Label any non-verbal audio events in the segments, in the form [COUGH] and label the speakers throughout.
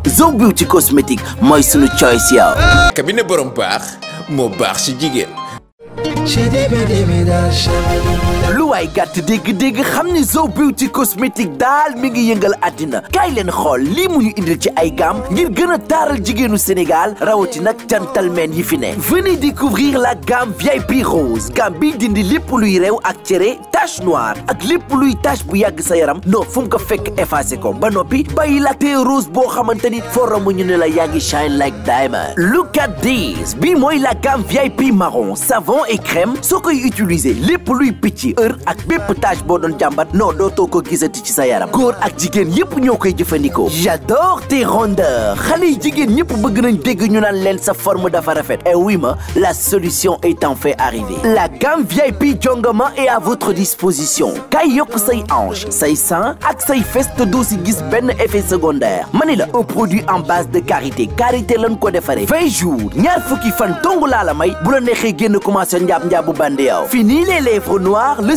Speaker 1: ak Zo Beauty Cosmétique mooy sunu choice yow. cabinet borom baax moo baax ci jigéen. waay gàtt dégg-dégg xam ni Zo Beauty cosmétique daal mi ngi yëngal àddina kaay leen xool lii mu ñu indil ci ay gamme ngir gën a taaral jigéenu Sénégal rawati nag gentlemen yi fi ne venez découvrir la gamme VIP rose gam bi dindi lépp luy rew ak cere tache noire ak lépp luy tache bu yàgg sa yaram non fu ko fekk effacé ko ba noppi bàyyi la tee rose boo xamante ni foramu ñu ne la yaa ngi shine like diamond look at this bi mooy la gamme VIP marron savon et crème soo koy utiliser lépp luy picc heure ak bépp tâche boo doon jàmbat non dootoo ko gisati ci sa yaram góor ak jigéen yépp ñoo koy jëfandikoo j'adore tes rondeurs xale yi jigéen ñëpp bëgg nañ dégg ñu naan leen sa forme dafa rafet et eh oui ma la solution est en fait arrivée la gamme VIP Jongama est à votre disposition kay yokk say ange say sein ak say fesse te doo si gis benn effet secondaire mani la un produit en base de karité karité lañ ko defaree vingt jours ñaar fukki fan dong laa la may bu la neexee génn commencé njaab njaabu bande yaw fini les lèvres noires le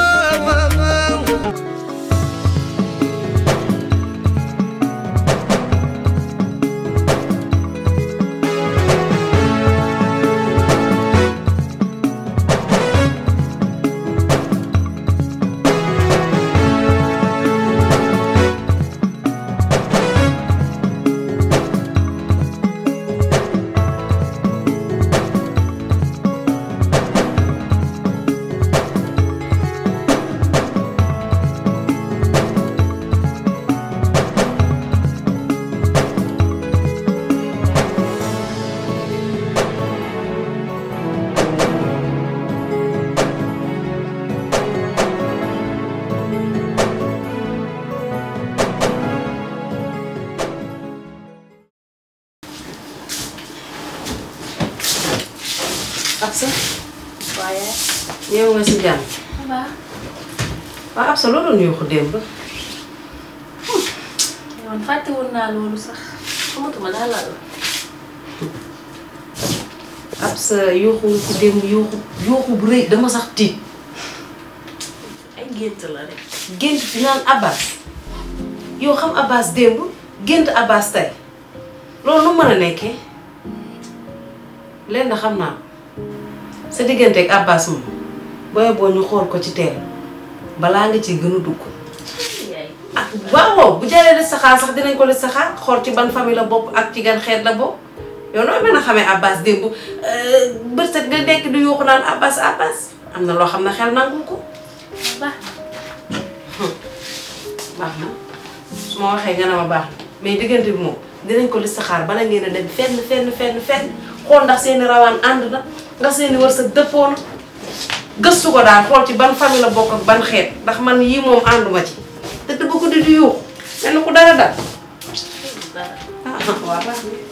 Speaker 2: Absa. waaye. ñëw nga si hmm. woon naa loolu sax xamatuma naa la la. Absa yóoxu ku yoo xam Abbas démb gént Abbas tey loolu lu mën a nekkee lenn xam naa. sa digganteeg Abbas moom booy boo ñu xool ko ci teel balaa nga ci gën dugg. ah waaw bu jëlee li saxaar sax dinañ ko li saxaar xool ci ban famille la bopp ak ci gan xeet la bopp yow nooy mën a xamee Abbas démb euh, bët set nga nekk di yuuxu naan Abbas Abbas am na loo xam ne xel nangu ko. baax na hmm. baax na waxee nga ne ma baax na mais diggante bi moom dinañ ko li saxaar bala ngeen a dem fenn fenn fenn fenn xool ndax seen rawaan ànd na. nga seen wërsëg dëppoo deppone geussu ko daal xol ci ban famille la bokk ak ban xéet ndax man yi mom anduma ci te dëgg ko di di yuux mel na ku dara dal ah waa baax na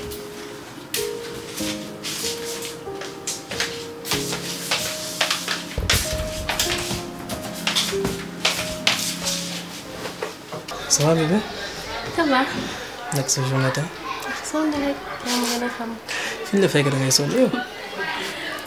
Speaker 2: Ça va bébé Ça va.
Speaker 3: Nak sa journée tey.
Speaker 2: Sonn rek, yaa ma gën xam.
Speaker 3: Fi la fekk da ngay sonn yow.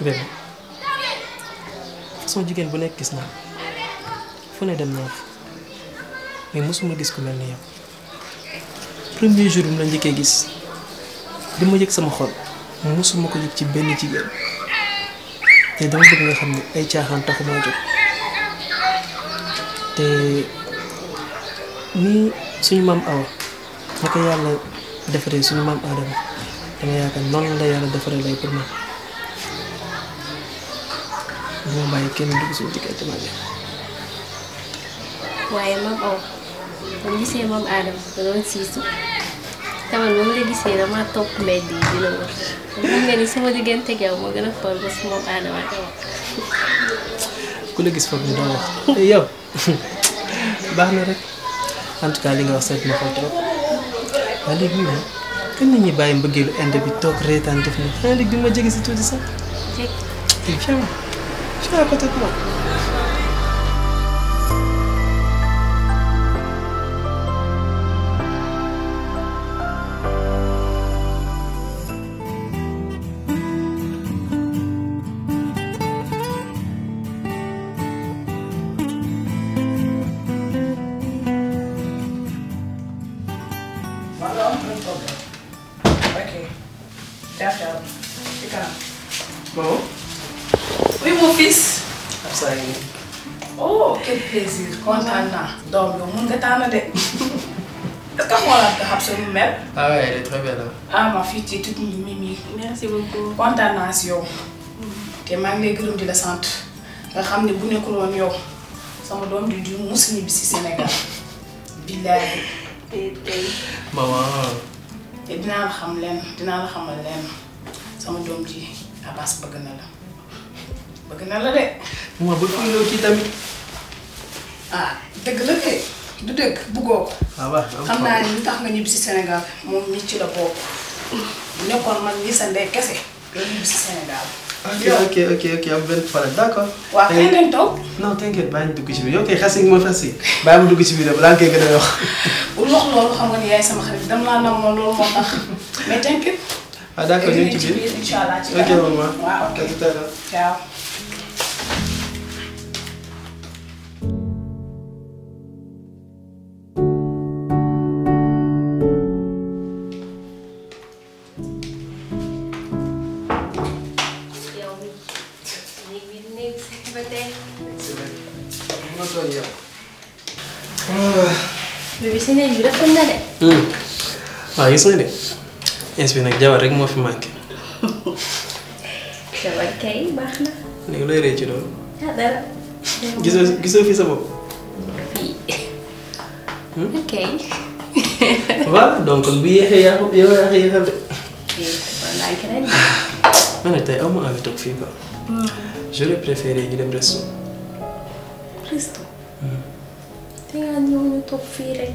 Speaker 3: benn façon jigéen bu nekk gis naa fu ne dem naa mais mosuma gis ku mel yow premier jour mu la njëkkee gis li ma sama xol mosuma ko yëg ci benn jigéen te dama bëgg nga xam ne ay eh, caaxaan taxu maa jóg te nii suñu mam awa na ko yàlla defaree suñu maam dama yaakaar la yàlla defaree lay pour mau baikin untuk sini kayak teman ya.
Speaker 2: Wah emang ya, oh, kami sih emang ada teman sisu. Kamu nunggu lagi sih nama top medi di luar. Kamu nggak bisa mau diganti kayak mau gak nafar bos mau ada apa?
Speaker 3: Kulo gis fobi dong. Iya. Bah nurek. Antu kali nggak usah mau foto. Kali gini kan ini bayi begitu endah bitok rate antu. Kali jadi situ di sana. Iya. そういうことか Ah ouais, elle est très belle. Hein.
Speaker 2: Ah ma fille, tu es toute mimi. merci beaucoup. Condamnation. di la bu yow sama du Sénégal. [LAUGHS] maman. xam len, la xamal len. sama dom ji Abass bëgg na la bëgg na la de.
Speaker 3: ma bëgg ci tamit.
Speaker 2: ah dëgg la du dëgg buggoo ko.
Speaker 3: Ah, xam naa ni lu
Speaker 2: tax nga ñibbi si Sénégal moom mi ci la bokk. nekkoon man lii sa ndey kese nga ñibbi si Sénégal.
Speaker 3: ok ok ok am benn problème d' accord. waaw xëy na taw. non t'inquiète bàyyi ma dugg ci biir yow kay xase gi ma fas yi bàyyi ma dugg ci biir balaa ngay gën a wax.
Speaker 2: [LAUGHS] bul wax loolu xam nga ni yaay sama xarit naa laa namoon loolu moo tax mais t'inquiète.
Speaker 3: ah d' accord ñu ngi ci biir incha allah ci kanam ok maman waaw ok ciao. ne bi rafet na de. waaw gis nga de ins bi nag jabar rek moo fi manqué.
Speaker 2: jabar kay baax na.
Speaker 3: léegi looy rëy ci loolu. ah dara. gisoo gisoo fii sa bopp. fii. ok. voilà donc bu yéexee yaa ko yow yaa ko yéexal de. man nag tey aw ma envie toog fii quoi. j'aurais préféré ñu dem resto.
Speaker 2: resto. te nga ñëw ñu toog fii rek.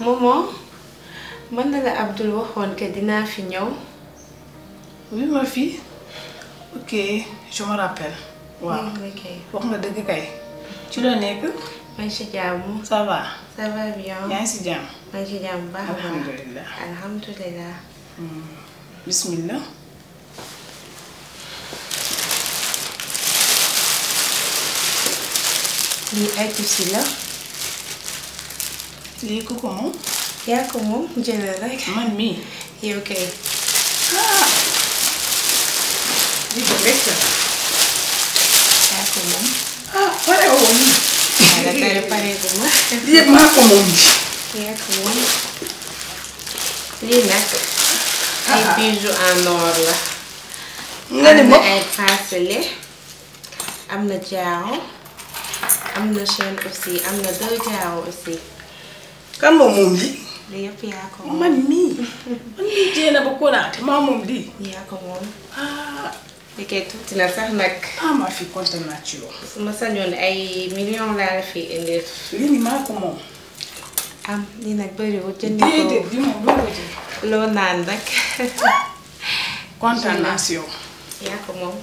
Speaker 2: maman man na la Abdoul waxoon que dinaa fi ñëw. oui ma fille. ok je me rappelle. waaw wax nga dëgg kay. ci la nekk. maa ngi si jàmm. ça va. ça va bien. yaa ngi si jàmm. maa ngi si jàmm bu baax a baax alhamdulilah alhamdulilah. bismillah. lii ay tusi la. Lico como? é como jenerek. Mami. E o que? Ah. Lico deixa. Ya como? Ah, para o homem. Para ter para como? Dia é como? Ya como? Lina. Ah. E biju anorla. Ngani mo? Ay é fasile. Amna é né? jao. Amna shen aussi. Amna do jao aussi. kan moo moom lii. lii yëpp yaa ko moom man mii. man mii jéena ba konaate maa moom lii. yaa ko moom. ah. fekkee tuuti na sax nag. ah fi kontaan su ma sañoon ay millions laa la fi indil. lii nii maa ko moom. am lii nag bëriwul jëndi ko déedéet naan nag. [LAUGHS] kontaan naa si yaa ko moom.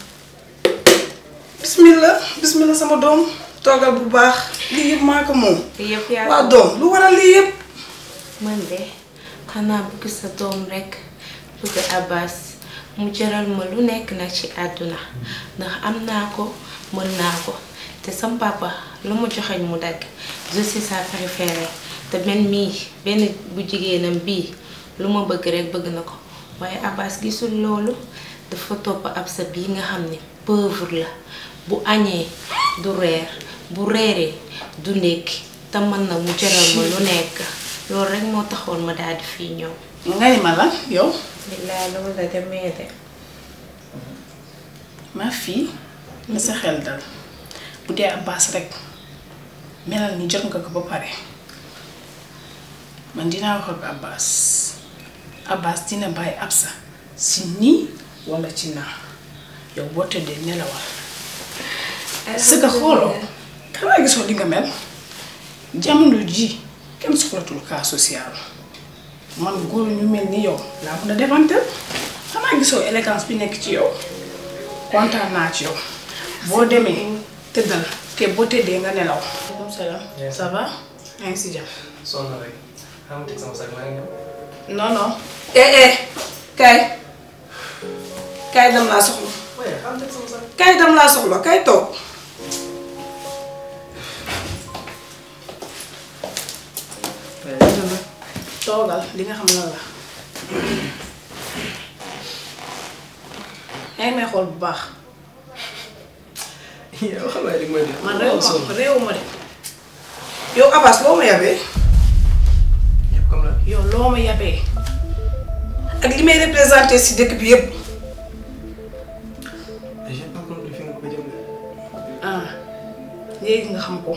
Speaker 2: bismillah bismillah sama doom. toogal bu baax lii yëpp maa ko moom. lii yëpp waa doom lu waral lii yëpp. man de xanaa bëgg sa doom rekk bëgg Abbas mu jaral ma lu nekk nag ci àdduna ndax am naa ko mën naa ko te sam papa lu mu joxeñ mu dagg je suis sa préférée te benn mii benn bu jigéenam bii lu ma bëgg rekk bëgg na ko waaye Abbas gisul loolu dafa topp ab sa bii nga xam ne pauvre la bu añee du burere, bu reeree du nek te man nag mu jaral ma lu nek loolu rek mo taxoon ma dal fi fii ngay ma la yow. billaay loolu la demee de. ma fi na sa xel dal bu Abbas rek melal ni jot nga ko ba pare man dina wax ak Abbas Abbas dina bay Absa si ni wala ci na yow boo nelawal. sëgg xooloo xanaa gisoo li mel jamono ji kenn soxlatul cas social man góor ñu mel ni yow laa mën a defante xanaa gisoo élégance bi nekk ci yow kontaan naa ci yow boo demee tëddal te boo tëddee nga nelaw. maaleykum salaam. ça kay kay dam laa soxla. kay dam laa soxla kay toog. toogal li nga xam lan la yaa may xool bu baax.
Speaker 3: yow xam naa li man
Speaker 2: réew ma réew ma de yow Abbas loo ma yabee. yow loo ma yabee ak li may représenté si dëkk bi yëpp. ah léegi nga xam ko.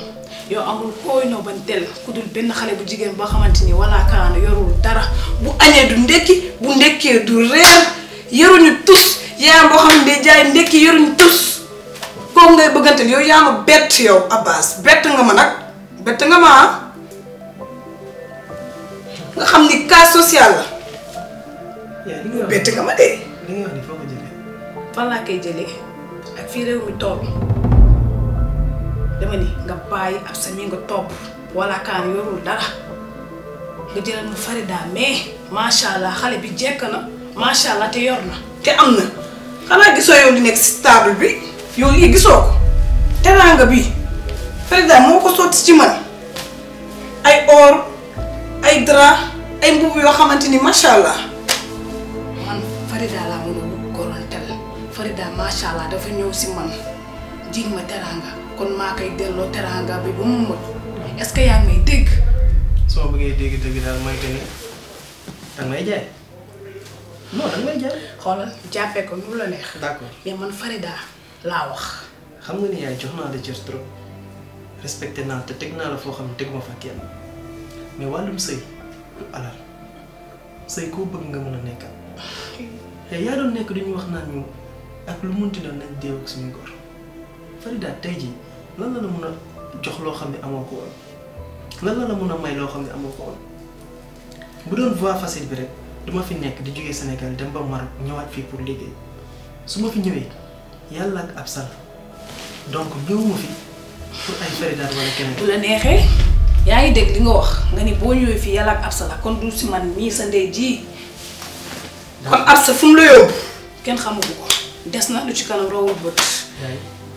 Speaker 2: yo amul koy no bantel kudul ku dul bu jigen bo xamanteni wala kan yorul dara bu añee du ndekki bu ndekkee du reer yoruñu tous yaa bo xam ne jaay ndekki yoruñu tous ko ngay bëggantel yo yaama bet yo Abbas bet nga ma nak bet nga ma nga xamni cas social
Speaker 3: la.
Speaker 2: bet nga ma de. li nga ni ko jëlé fa la kay jëlé ak fi rew mi toobi dama ni nga bayyi ab sa mi nga topp wala kaan yorul dara nga jëlal ma farida mais macha allah xale bi jekk na macha allah te yor na te am na xanaa gisoo yow di nekk si table bi yow yi gisoo ko nga bi farida moo ko sotti ci man ay or ay dra ay mbubb yoo xamante ni macha allah man farida laa mën a wut farida macha allah dafa ñëw si man jiñ ma teranga kon maa koy delloo teraanga bi ba mu mot est-ce que yaa ngi may dégg.
Speaker 3: soo bëggee dégg dégg daal mooy que ni danga may jaay
Speaker 2: non danga may jaay. xoolal jàppee ko nu la neex. d'accord mais man Farida laa wax.
Speaker 3: xam nga ni yaay jox naa la cër trop respecté naa te teg naa la foo xam ne teg ma fa kenn mais wàllum sëy du alal sëy koo bëgg nga mën a nekkal te [SIGHS] yaa doon nekk duñu wax naan ñu ak lu munti doon nañ déew ak suñu góor Farida tey jii. lan la mun a jox loo xam ne amoo ko woon lan la mun a may loo xam ne amoo ko woon bu doon voie facile bi rek du ma fi nekk di jógee Sénégal dem ba Maroc ñëwaat fii pour léegi su ma fi ñëwee yàlla ak ab donc ñëwuma fi
Speaker 2: pour ay faridaat wala keneen. bu la neexee yaa ngi dégg li nga wax nga ni boo ñëwee fii yàlla ak ab kon du si man mii sa ndey ji. kon ab sa fu mu la yóbbu kenn xamagu ko des na lu ci kanam rawul bët.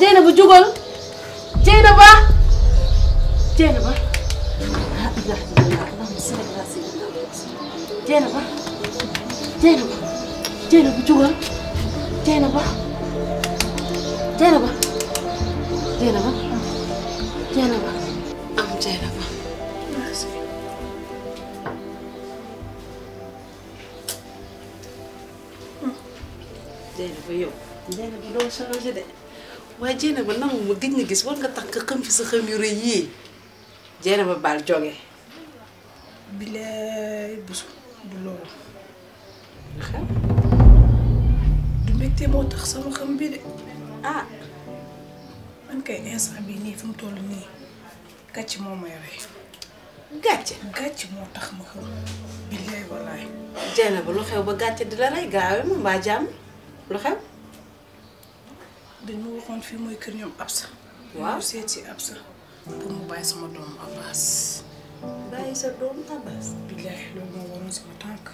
Speaker 2: Dieynaba jugal xam yu rëy yii Dieynaba Bal joge bilaay busu du loolu xam du mbégte moo tax sama xam bi de ah man kay instant bi nii fi mu toll nii gàcc moo may rey gàcce gàcc moo tax ma xam bilaay wallaay Dieynaba lu xew ba gàcce di la rey gaawe ma mbaa jàmm lu xew dañ ma waxoon fii mooy kër ñoom ab sax Iya, waaw seet si Absa pour mu bàyyi sama doom Abbas bàyyi sa doom Abbas billahi loolu mau waroon sama tànk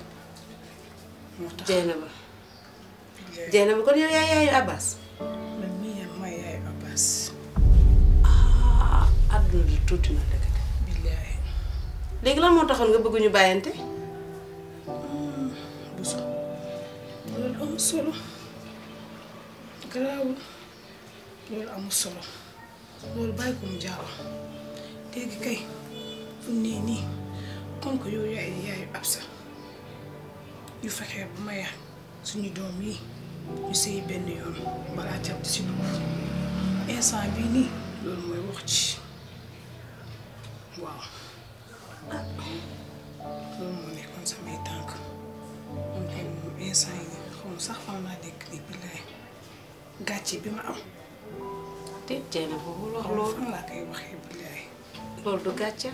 Speaker 2: moo tax Jeynaba Jeynaba kon yow yaay yaayu Abbas Mami mii mau may yaayu Abbas ah àdduna di tuuti na dëgg billahi léegi lan moo taxoon nga bëgg ñu bàyyante bu so loolu amul solo garaawul loolu amul solo loolu bàyyi ko mu jàll léegi kay fu mu nii comme que yow yaay yaayu Absa yu fexee bu ma suñu doom yi ñu sëy benn yoon balaa jàpp ci dugub instant bii nii loolu mooy wax ci waaw ah loolu moo nekkoon samay tànk moom kay moom yi xaw sax fan laa nekk nii billaay gàcce bi ma am. déet Dieynaba bul wax loolu. fan laa koy waxee billaay. loolu du gàcce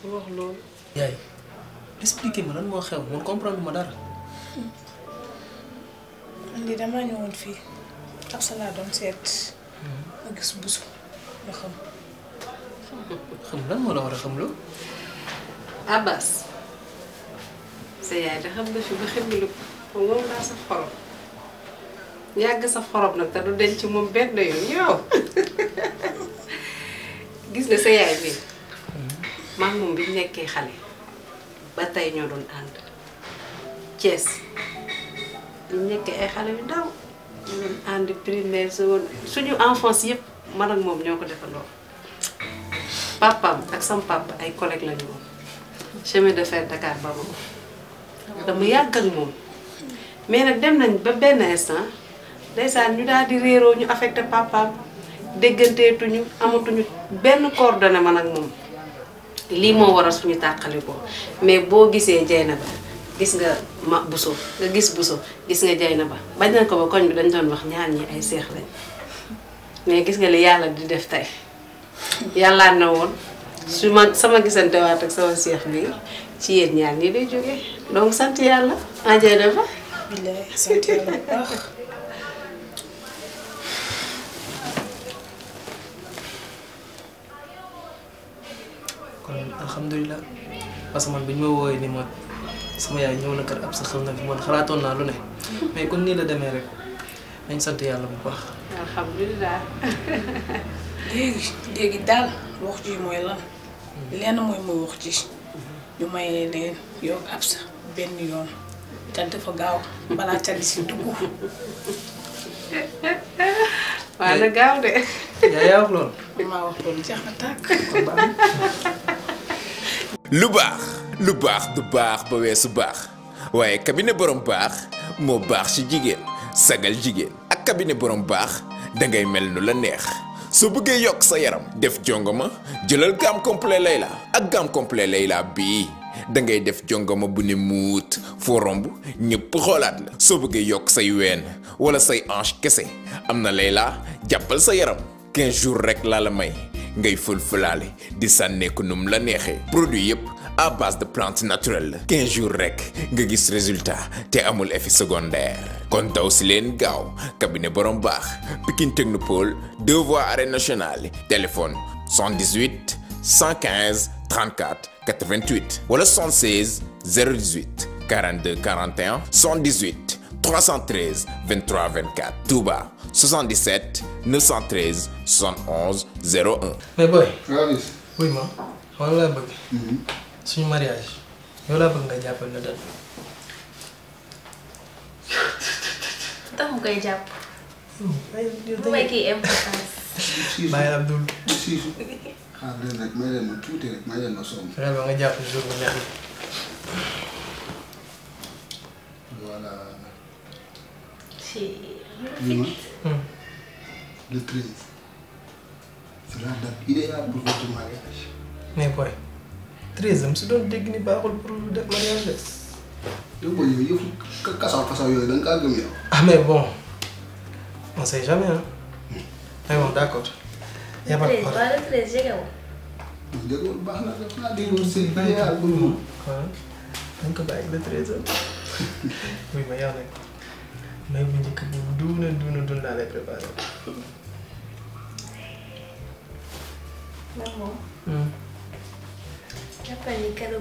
Speaker 2: bul wax loolu.
Speaker 3: yaay expliqué ma lan moo xew man comprendre ma dara.
Speaker 2: man de damaa ñëwoon fii ab salaa doon seet. ma gis busu ma xam.
Speaker 3: xam lan moo la war a xam lu.
Speaker 2: Abbas. sa yaay da xam nga fi ba xam lu loolu laa sa xorom. yàgg sa xorom nag te du denc moom benn yoon yow gis nga sa yaay bi maa moom bi ñu nekkee xale ba tey ñoo doon ànd Thiès ñu nekkee ay xale yu ndaw ñu doon ànd primaire sa suñu enfance yëpp man ak moom ñoo ko defandoo papam ak sam ay collègue lañu woon chemin de fer Dakar ba moom dama yàgg ak moom mais dem nañ ba benn instant ndeysaan ñu daal di réeroo ñu affecté papaam amu amatuñu benn coordonné man ak moom lii moo waral suñu tàqalikoo mais boo gisee ba gis nga ma buso nga gis buso gis nga ba bañ na ko ba koñ bi dañ doon wax ñaar ñi ay seex lañ mais gis nga li yàlla di def tey yàllaa na woon su ma sama gisante waat ak sama seex bi ci yéen ñaar ñi lay jógee donc sant yàlla ah jeyna ba
Speaker 3: alhamdulilah parce que man bi ñu ma woowee ni ma sama yaay ñëw na kër ab sa na fi xalaatoon naa lu ne mais kon nii la demee rek nañ sant yàlla bu baax.
Speaker 2: alhamdulilah. [LAUGHS] léegi léegi daal wax ji mooy lan lenn mooy mooy wax ji ñu may leen yow ab benn yoon te dafa gaaw balaa ca di si dugg. [LAUGHS] waaw na gaaw de. yaa yaa wax loolu. [LAUGHS] maa wax loolu jeex na tàkk.
Speaker 4: lu baax lu baax du baax ba weesu baax waaye cabinet borom baax moo baax ci jigéen sagal jigéen ak kabine borom baax da ngay mel nu la neex soo bëggee yokk sa yaram def jongama jëlal gamme complet Layla ak gamme complet Layla bii da ngay def jongama bu ne muut foo romb ñëpp xoolaat la soo bëggee yokk say ween wala say hanche kese am na Layla jàppal sa yaram 15 jours rek laa la may ngay fël di la à base de plantes naturelles. 15 jours rek nga gis résultat té amul effet secondaire cabinet borom Pekin Technopole deux voies Arrêt nationale téléphone 118 115 34 88 wala 116 018 42 41 118 313 23 24 Touba. 77 913 71 01.
Speaker 3: mais booy. waaw bis. wuy ma xam nga bëgg. Mhm. suñu mariage yow laa bëgg nga jàppale la date [LAUGHS]
Speaker 2: mu koy jàpp. lu hmm. may
Speaker 3: de 13. será la date idéale pour votre mariage. mais booy 13 am si não dégg ni baaxul o def mariage de. yow booy yooyu eu kasaw kasaw yooyu da nga kaa gëm ah mas bom não sei jamais ah. mais bon d' accord. yaa ma ko
Speaker 2: le 13 jegewul.
Speaker 3: o baax na def naa déglu seen idéal o mu. waaw dañ vai bàyyi le 13 am. oui ma yaa nag may bu njëkk não duuna duuna duun laa lay préparé. namor. Tá hum.
Speaker 2: Japanica era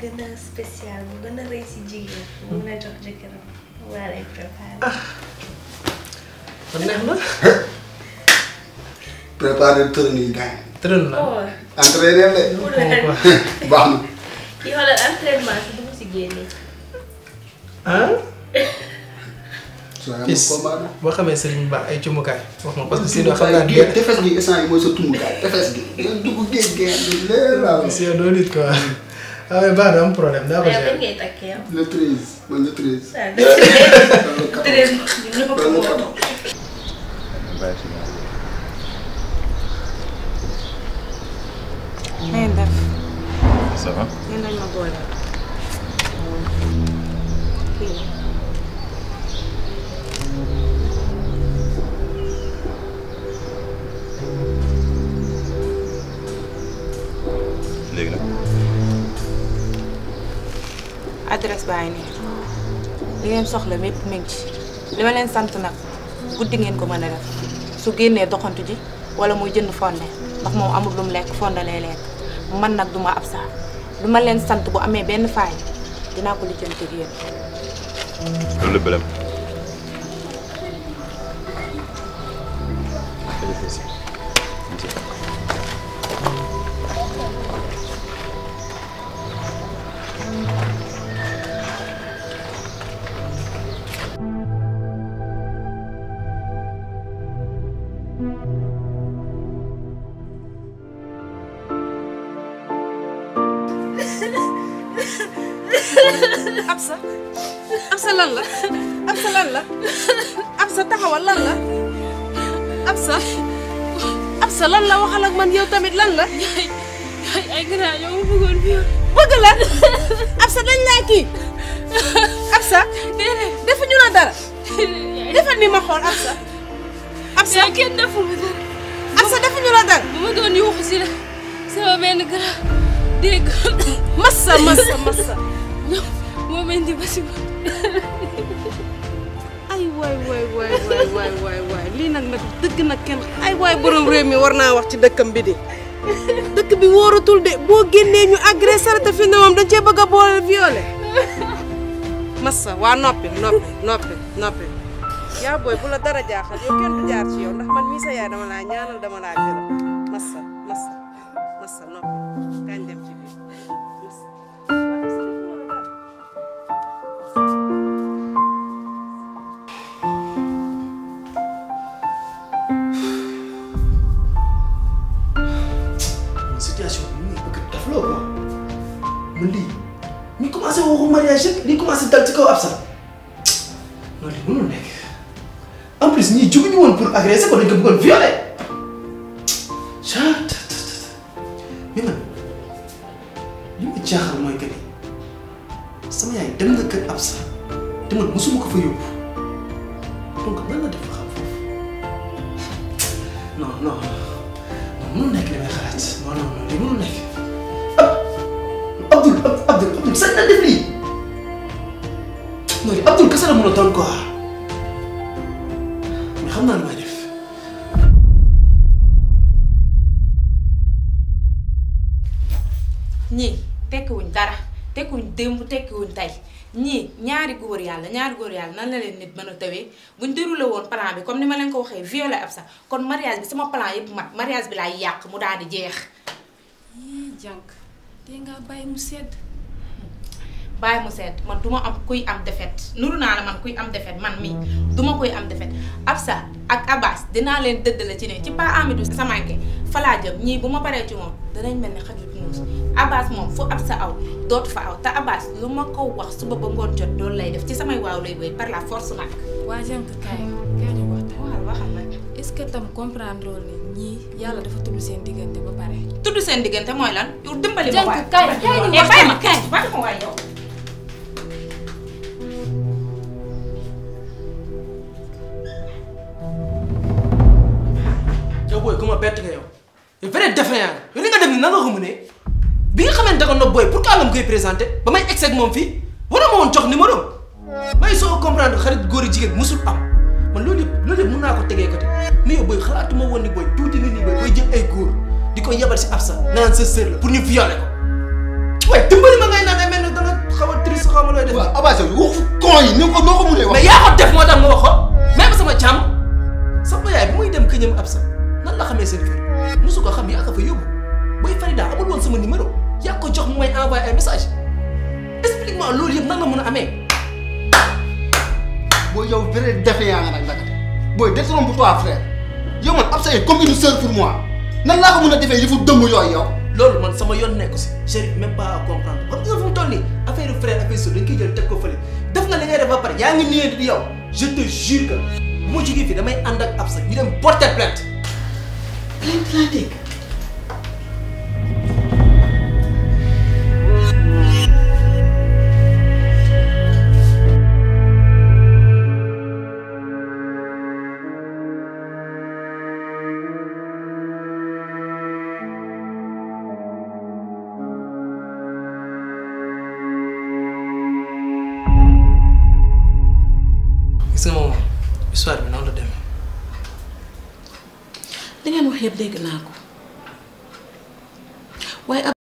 Speaker 2: gana especial, gana lazy dia, hum. gana jok jekero, gana prepara.
Speaker 3: Benar mah? Prepara turun ni kan? Turun lah. Antren dia le. Bang.
Speaker 2: Ki hola antren mas, tu mesti gini.
Speaker 3: Hah? gis boo xamee sëriñ Ba ay cumukaay wax ma parce que si doo xam naa géej tefes gi instant yi mooy sa tumukaay tefes gi nga dugg géej géej léer laa si yow doo nit quoi waaye baax na am problème daa ko jeex ngay takk yow le treize
Speaker 1: man le treize treize ñu ko ko
Speaker 2: def ça va yéen ma boole adresse baa ngi nii li ngeen soxla mépp mi ngi ci li ma leen sant nag guddi ngeen ko mën a def su génnee doxantu ji wala muy jënd fonde ndax moom amul lu mu lekk fonde lay lekk man nag duma ab saa lu ma leen sant bu amee benn faay dinaa ko lijjanti ak yéen. loolu tamit lan la. ay gannaaw yow ma bëggoon viol. bëgg la Absa dañ laa kii Absa. déedéet ni ma xool Absa. Absa kenn deful dara. Absa defuñu la dara. bu ma doon yuuxu si la sama benn grand dégg massa massa massa. ñoom moo mel ni basi waay waay waay waay lii nag nag dëgg nag kenn ay waay borom réew mi war naa wax ci dëkkam bi de dëkk bi wóoratul de boo génnee ñu agressé sarata fi ne moom dañ cee boole violé massa waa noppi noppi noppi yaa booy bu la dara jaaxal yow kenn jaar ci yow ndax man mii sa dama laa ñaanal dama laa jël
Speaker 3: dem nga kër Absa te man mosuma ko fa yóbbu donc lan nga def fa xam foofu non non non mënul nekk li may xalaat non non non lii mënul nekk abdul abdul Abdoul sañ na def lii non lii Abdoul kese la mën a doon quoi mais xam naa lu may def.
Speaker 2: ñii tekkiwuñ dara tekkiwuñ démb tekkiwuñ tey. ñii ñaari góor yàlla ñaari góor yàlla nan la leen nit mën a tawee buñ déroulé woon plan bi comme ni ma leen ko waxee violé ab sax kon mariage bi sama plan yëpp mat mariage bi laay yàq mu daal di jeex. yii jànk te nga bàyyi mu sedd. bàyyi mu seet man duma am kuy am defet nuru naa la man kuy am defet man mi du ma kuy am defet Absa ak Abbas dinaa leen dëddale ci ne ci Pa Amidou Samanke falaa jëm ñii bu ma baree ci moom danañ mel ni xajut muus Abbas moom fu Absa aw dootu fa aw te Abbas lu ma ko wax suba ba ngoon jot loolu lay def ci samay waaw lay wéy par la force nag waa jànk kaay kaay ñu waxtaan waxal nag est-ce que tam comprendre loolu ni ñii yàlla dafa tudd seen diggante ba pare tudd seen diggante mooy lan yow
Speaker 3: seeg moom fii war a ma woon jox numéro may soo comprendre xarit góor yi jigéen musul am man loolu yëpp loolu yëpp mën naa ko tegee côté mais yow booy xalaatuma woon ni booy tuuti nga nii booy booy jël ay góor di ko yebal si ab sa pour ñu violer ko waaye dimbali ma ngay naan ay a triste xaw ma looy yi ni ko noo ko mënee wax. mais yaa ko def moo tax nga wax sama càmm sama yaay bu muy dem këñam ab sa la xamee seen kër musu ko xam yaa ko fa yóbbu booy Farida amul woon sama numéro yaa ko jox mu may envoyé ay message effectivement loolu yëpp nan la mën amee. booy yow vrai défaillant nga nag ndakate booy détrompe a frère yow man Absa est comme une sœur pour moi nan laa ko mën a defee yëfu dëmm yooyu yow. loolu man sama yoon nekku si j'arrive même pas à comprendre xam nga fu ko fële def nga li ngay def ba pare yaa ngi nii di yow je te jure que bu ma jógee fii damay ànd ak Absa dem porter plainte. plainte laa dégg. histoire bi noonu la demee.
Speaker 2: li ngeen wax yëpp dégg naa ko waaye.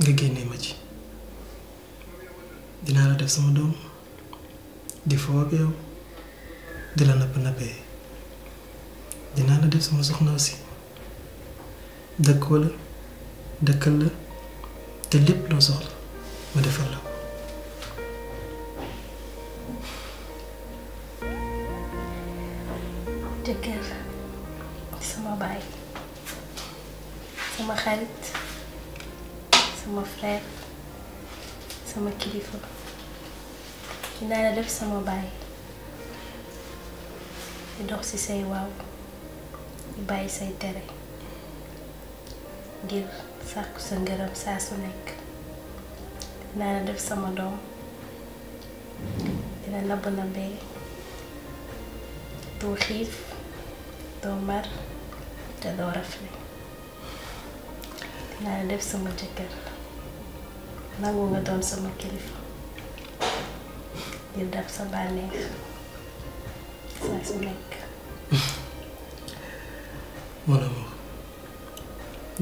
Speaker 3: nga génnee ma ci dinaa la def sama doom di foo ak yow di la napp nappee dinaa la def sama soxna aussi dëkkoo la dëkkal la te lépp loo soxla ma defal la
Speaker 2: sama baay sama xarit sama frère sama kilifa ki la def sama baay di dox ci say waaw di bàyyi say tere ngir sàkku sa ngërëm saa su nekk dinaa la def sama doom dina nabb na bee doo xiif doo mar te doo rafle dinaa la def sama jëkkër nangu nga doon sama kilifa ngir def sa bànneex saa su nekk [LAUGHS]
Speaker 3: mon amour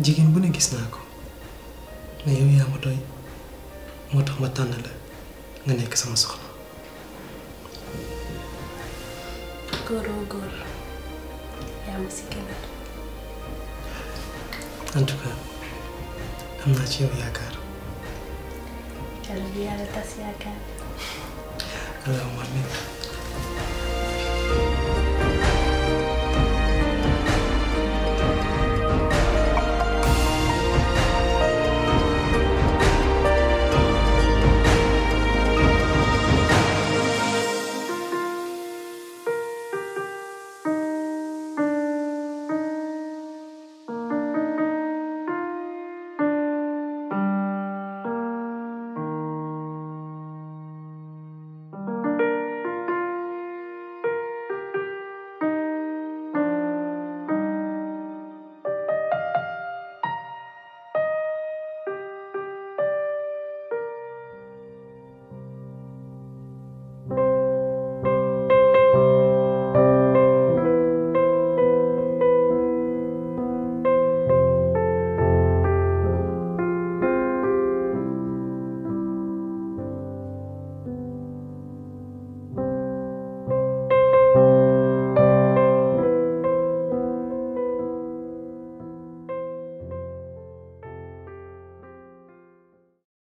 Speaker 3: jigéen bu ne gis naa ko mais yow yaa ma doy moo tax ma tànn la nga nekk sama soxna
Speaker 2: góoroo góor yaa ma si gënal
Speaker 3: en tout am naa ci yow yaakaar
Speaker 2: que día de acá. lo